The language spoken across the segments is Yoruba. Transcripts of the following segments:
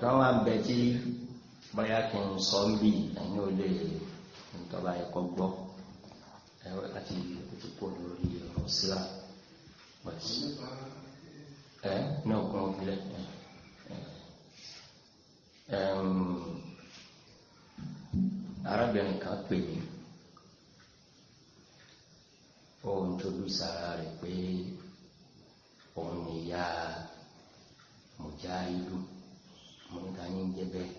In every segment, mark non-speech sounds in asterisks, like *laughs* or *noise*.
kan wà bẹ tí bóyá kì ń sọ ń bì ẹ̀yin ò lè ntọ́ba ẹ̀kọ́ gbọ́ ẹ̀rọ àti òtúpọ̀ lórí ọ̀rọ̀ sílá pẹ̀lú ẹ̀ ní ọ̀gbọ́n òbílẹ̀ um, arábìnrin kan pè mí òun tó lù sára rẹ̀ pé òun ni ìyá mùjáìlú àwọn ta ní jẹ bẹ́ẹ̀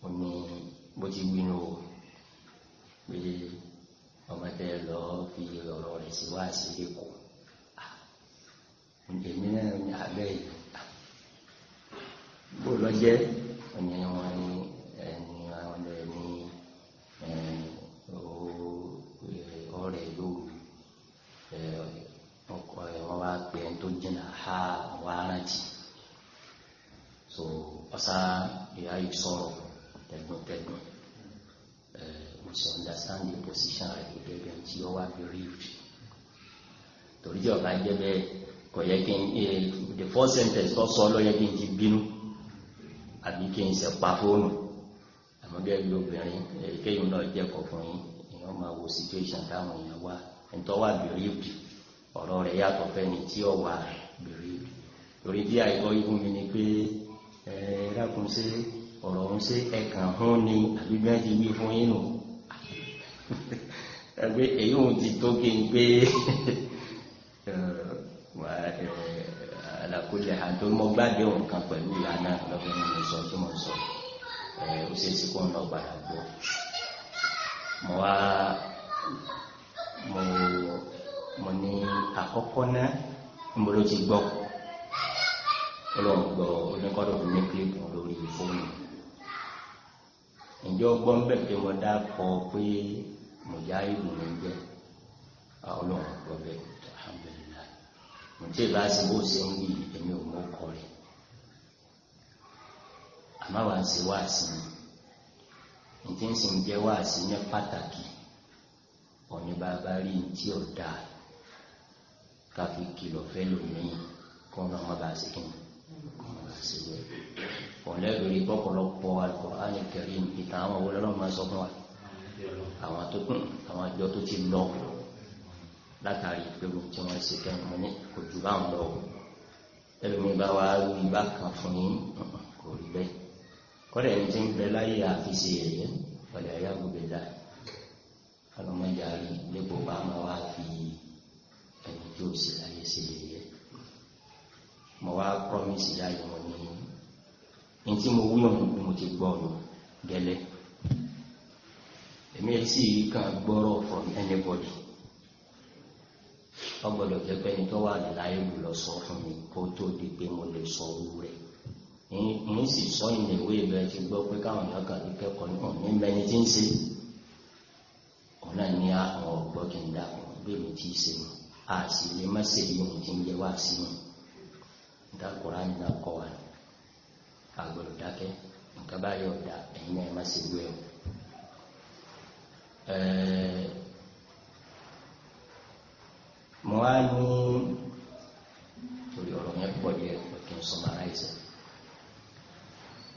wọn ni bó ti gbinu o pé ọmọ tẹ lọ fi ọ̀rọ̀ rẹ̀ sí wá sí lẹ́kọ̀ọ́ èmi náà ní abẹ́ yìí bó lọ jẹ́ ọ̀nà wọn ni ẹni àwọn ẹni ọ̀rẹ́ lóru ọkọ ẹ̀ wọ́n wá pè é tó jìnnà ha wọ́n á so ọ̀sá ìyá yìí sọ̀rọ̀ tẹ̀gbọ́ntẹ̀gbọ́n mo sì understand the position rẹ̀ gẹ́gẹ́ bí ẹni tí ó wà bereaved torí tí ọba jẹ́ bẹ́ẹ̀ kò yẹ kí n the first sentence tó sọ ló yẹ kí n ti bínú àbí kí n ṣe pa fóònù àmọ́ gẹ́gẹ́ bí obìnrin kéyìn náà jẹ́ kọ̀ fún yín èèyàn máa wo situation táwọn èèyàn wà ẹni tó wà bereaved ọ̀rọ̀ rẹ̀ yàtọ̀ fẹ́ni tí ó wà bereaved torí bí àìkọ́ ikú mi ni dákun sí ọ̀rọ̀ ọ̀hún sí ẹ̀kàn hún ni àbí bí wọ́n ti wí fún yín nù *laughs* ẹgbẹ́ èyí òun ti tó kí n gbé *laughs* àlàkójẹ àti mọ́gbàdé òun kan pẹ̀lú ìlànà lọ́gbẹ́ nínú sọ tí mo sọ ó ṣe sí kó ń lọ gbàdá gbọ́ mo wá mo ní àkọ́kọ́ náà mo ló ti gbọ́ ọlọ́run gbọ́ oníkọ́dọ̀ tó ní kílípù lórí fóònù ǹjẹ́ ọgbọ́n ń bẹ̀ pé wọ́n dá kọ pé mọ̀já ìlú ló ń jẹ́ ọlọ́run gbọ́ bẹ́ẹ̀ alhamdulilayi ǹjẹ́ ìbá sí bó ṣe ń wí èmi ò mọ̀ kọ rẹ̀ àmọ́ wàá ṣe wá sí i ǹjẹ́ ń sì ń jẹ́ wá sí i ní pàtàkì ọ̀ní bàbá rí i tí ò dáa káfí kìlọ̀ fẹ́ lòmíì kọ́ ọ́n náà má bàa ṣe kí ni ọ̀lẹ́bìnrin gbọ́pọ̀lọpọ̀ Al-Qur'an Al-Karim ìtàn àwọn owó lọ́nà máa sọ fún wa àwọn tó kún àwọn àjọ tó ti lọ látàrí ìpéwò tí wọ́n ṣe kẹ́hìn mọ́ ní kò jù bá ń lọ ẹlòmíín bá wa rí bá kan fún yín kò rí bẹ́ẹ̀ kọ́dà ẹni tí ń bẹ láyé àfiṣe ẹ̀yẹ ọ̀dà ẹ̀yà gbogbo ẹ̀dá ọlọ́mọdé àrí lẹ́gbọ̀ọ́ bá máa wá fi ẹni tí ó sì láyé sí ẹ̀yẹ. mo wá promise ya yi mo ní ní tí mo wí ọ̀nà mo ti gbọ́ ọ̀nà gẹ́lẹ́ èmi sì kàn gbọ́rọ̀ from anybody wọ́n gbọ́dọ̀ pé ẹni tó wà láyé lọ sọ fún mi kó tó di pé mo lè sọ owó rẹ̀ ń sì sọ ti pé káwọn èèyàn ní tí ń ṣe òun náà dákùrá ní akọ wa àgbọ̀dọ̀ dákẹ́ nǹkan báyọ̀ dà ẹ̀yin náà má ṣe gbé o. mo á ní torí ọ̀rọ̀ yẹn pọ̀ díẹ̀ pé kí n sọ màrá ẹ̀sẹ̀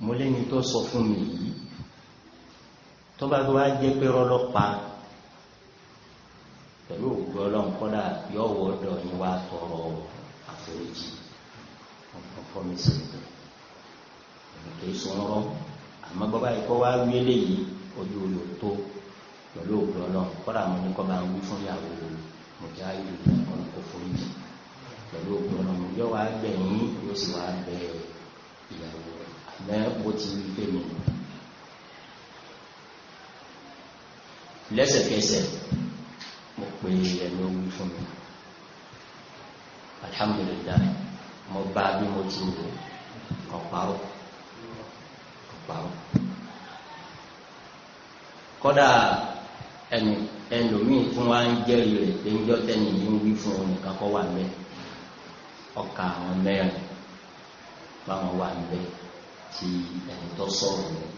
mo lẹ́ni tó sọ fún mi yìí tó bá tó wá jẹ́ pé rọ́lọ́pàá pẹ̀lú òògùn ọlọ́run kọ́dà yọ̀wọ́ ọ̀dọ̀ ni wàá tọrọ àforíjì fọmi sèǹtò ètò ìsọ̀rọ̀ àmọ́ bàbá yìí kọ́ wá wí eléyìí ojú olò tó pẹ̀lú òògùn ọlọ́run kọ́dà mo ní kọ́ bá ń wí fún ìyàwó mọ̀já ìlú ọ̀nà kò fún mi pẹ̀lú òògùn ọlọ́run yọ wá gbẹ̀yìn yóò sì wá bẹ ìyàwó àmọ́ ó ti rí fèmí. lẹ́sẹ̀kẹsẹ̀ mo pe ẹ̀mí ogun fún mi alhamdulilayi mo bá bí mo ti wò ọ̀párò ọ̀párò kọ́dà ẹnu ẹlòmíì tún wá ń jẹ́rìí rẹ̀ pé ń jọ́ tẹ́ni yìí ń wí fún òun nìkan kọ́ wà mẹ́ẹ̀ ọkà àwọn mẹ́rin báwọn wà ń bẹ́ẹ̀ ti ẹni tó sọ̀rọ̀ rẹ̀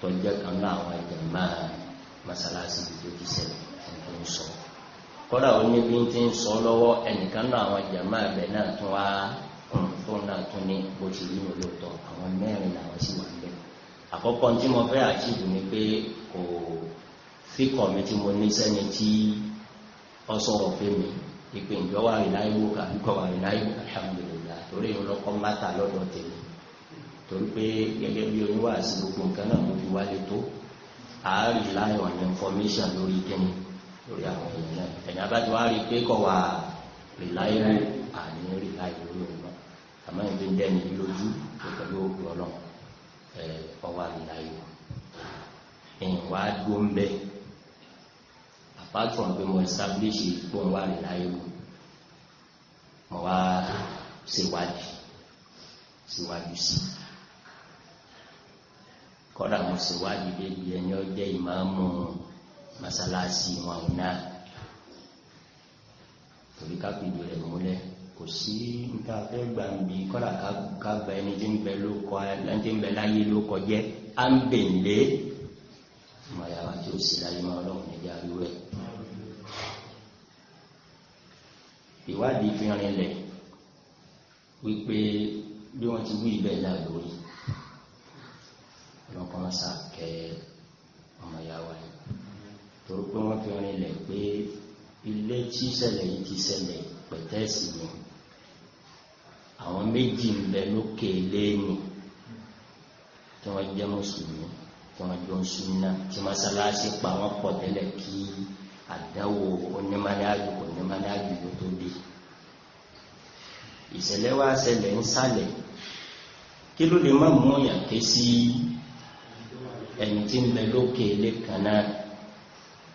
tó kan náà àwọn ẹ̀jẹ̀ máa masalasi tó ti sẹ̀lẹ̀ ẹni tó ń sọ kọ́dà ó ní bí n ti ń sọ lọ́wọ́ ẹnìkan náà àwọn jàmá ẹ̀bẹ̀ náà tún wá tó náà tún ní bó ti rí mi lóòótọ́ àwọn mẹ́rin làwọn sì wà níbẹ̀ àkọ́kọ́ tí mo fẹ́ àtìbù ni pé kò fíkọ̀ mi tí mo ní sẹ́ni tí ọ sọ̀rọ̀ fẹ́ mi ìpè ìjọ wà rí láyé wò kàbí kọ̀ wà rí láyé wò alhamdulillah torí ìrọlọ́kọ́ mátà lọ́dọ̀ tèmi torí pé gẹ́gẹ́ bí oníwàásí gbogbo nǹkan náà mo fi wálé tó àárí láyọ̀ ní information lórí kíni lórí àwọn òun náà ẹ̀yìn abájọ wa rí i pé kọ̀ wá rìláyé ní àní rìláyé lórí òun náà àmọ́ ìdí ń dẹ́ni lójú pẹ̀lú òkú ọlọ́run ẹ̀ ọwá rìláyé ẹ̀yìn wá dúró ń bẹ́ apart from pé mo establish ìgbóhùn wá rìláyé mu mo wá ṣèwádìí síwájú sí kọ́dà mo ṣèwádìí débi ẹni ọjẹ́ ìmáàmù masalasi wọn náà torí ká fi ìlú rẹ̀ múlẹ̀ kò sí nta fẹ́ gbà ń bi kọ́lá ká gba ẹni tí ń bẹ ló kọ ẹni tí ń bẹ láyé ló kọ jẹ́ à ń bè ń lé ọmọ ìyá wa tí ó sì láyé máa ọlọ́run níjà rí rẹ̀. ìwádìí fi rinlẹ̀ wípé bí wọ́n ti wí ibẹ̀ náà lórí ọlọ́kọ́ máa ṣàkẹ́ ọmọ ìyá wa torí pé wọ́n fi rinlẹ̀ pé ilé tí ṣẹlẹ̀ yìí ti ṣẹlẹ̀ pẹ̀tẹ́sì ni àwọn méjì ń bẹ lókè léèmù tí wọ́n jẹ́ mùsùlùmí tí wọ́n jọ ń súnmọ́ tí mọ́sálásí pa wọ́n pọ̀ tẹ́lẹ̀ kí àdáwò onímọ̀láàjù kò onímọ̀láàjù ló tó bí ìṣẹ̀lẹ̀ wa ṣẹlẹ̀ ń sálẹ̀ kí ló lè má mú ọ̀yà ké sí ẹni tí ń bẹ lókè lẹ́kàn náà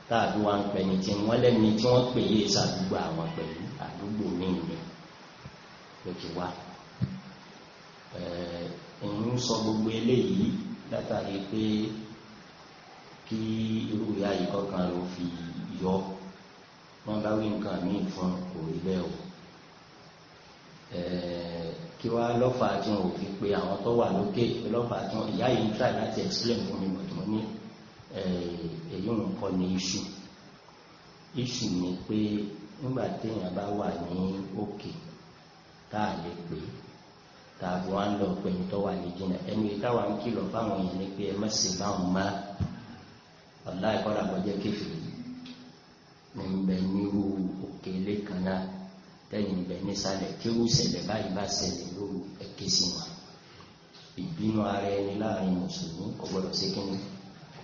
táàbí wọn pẹ̀yì tí wọ́n lẹ́ni tí wọ́n pè yé sàdúgbò àwọn pẹ̀lú àdúgbò míì ni ló ti wá ẹ̀yìn ń sọ gbogbo eléyìí látàrí pé kí irú ìyá yìí kọ̀ọ̀kan ló fi yọ wọ́n bá wí nǹkan míì fún kò rí bẹ́ẹ̀ o kí wá lọ́fà tí wọn ò fi pe àwọn tó wà lókè lọ́fà tí wọn ìyá yìí ń tà láti explain fún mi mọ̀tún ní èyí wọn kọ́ ní iṣu iṣu ni pé nígbà téèyàn bá wà ní òkè tá a lè pè tá a fi wá ń lọ pé ní tó wà ní jìnnà ẹni táwa ń kìlọ̀ fáwọn èèyàn ni pé ẹ má ṣe báwọn má ọ̀la ìkọ́dà bọ́jẹ́ kéfìrí ní ń bẹ nírú òkè ilé kan náà tẹ́yìn ń bẹ nísàlẹ̀ kéwù ṣẹlẹ̀ báyìí bá ṣẹlẹ̀ lóru ẹ̀kẹ́ sí wọn ìbínú ara ẹni láàrin mùsùlùmí kò gbọdọ̀ ṣe kí ni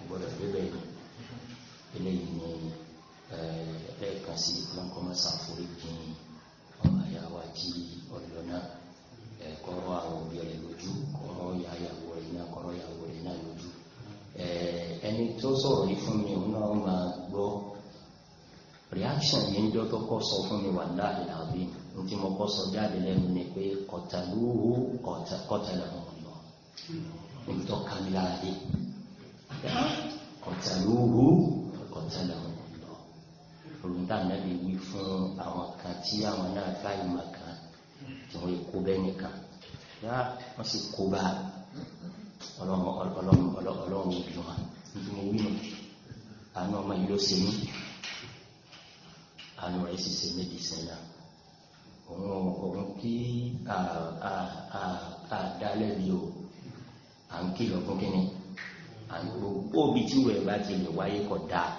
gbọ́dọ̀ débẹ̀ yìí eléyìí ni eh, lẹ́ẹ̀kan sí lọ́nkọ́mọ́ sàfúrí jìn ọmọ ìyá wa tí ọ̀dọ́ náà eh, kọ́rọ́ àwọn òbí rẹ̀ lójú kọ́rọ́ ìyàwó rẹ̀ náà kọ́rọ́ ìyàwó rẹ̀ náà lójú eh, ẹni tó sọ̀rọ̀ yìí fún mi òun náà máa gbọ́ reaction yìí ń jọ tó kọ́ sọ fún mi wà láàrin àbí ní tí mo kọ́ sọ jáde lẹ́nu ni pé kọ̀tàlúwò kọ̀tàlẹ̀ ọ̀hún lọ nítorí kàmílà dé ọ̀tàlúhu ọ̀tàlàhùn lọ. olùdá nàbí wí fún àwọn kan tí àwọn náà ká ìmọ̀ kan tí wọ́n kó bẹ́ẹ̀ nìkan yá wọ́n sì kó bá ọlọ́run ọlọ́run ọlọ́run òbí wọn nítorí mo wí nù àánú ọmọ yìí ló ṣe mí àánú rẹ̀ sì ṣe méjì sẹ́yà òun òun kí àdálẹ́bi o à ń kìlọ̀ fún kínní gbogbo ibi tí wẹ̀ bá ti lè wáyé kọ̀ dáa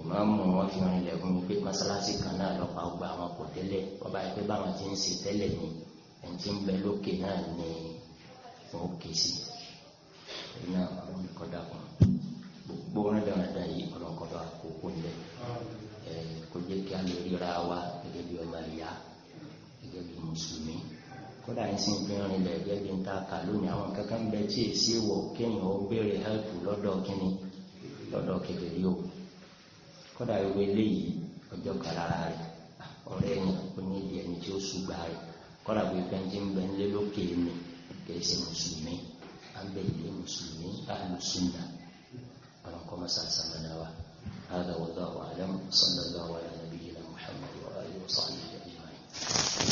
ìmáàmù wọn fi hàn ilẹ̀ fún mi pé mọ́sálásí kan náà lọ́pàá gba àwọn kò tẹ́lẹ̀ wọ́n bá yẹ pé báwọn ti ń ṣe tẹ́lẹ̀ ni ẹni tí ń bẹ lókè náà ni wọ́n kè sí ẹni náà ọ̀rọ̀ mi kọ́ dàkún gbogbo wọn dáadáa yìí ọ̀rọ̀ kọ́ bá kókó lẹ̀ kó jẹ́ kí a lè ríra wa kódà ń sin fi rìn lẹ̀ gẹ́gẹ́ bí n ta kà lónìí àwọn kankan ń bẹ tí èsì wọ̀ kéèyàn ó béèrè hẹ́pù lọ́dọ̀ kínní lọ́dọ̀ kékeré o kódà ìwé eléyìí ọjọ́ kan lára rẹ̀ ọ̀rẹ́ yẹn kò ní ìdí ẹni tí ó ṣùgbà rẹ̀ kódà bí pẹ́ńtì ń bẹ ńlẹ́ lókè mi kì mùsùlùmí à ń bẹ ìlé mùsùlùmí àlùsùnà àwọn kọ́mọ sàṣàmánà wa هذا والله أعلم صلى الله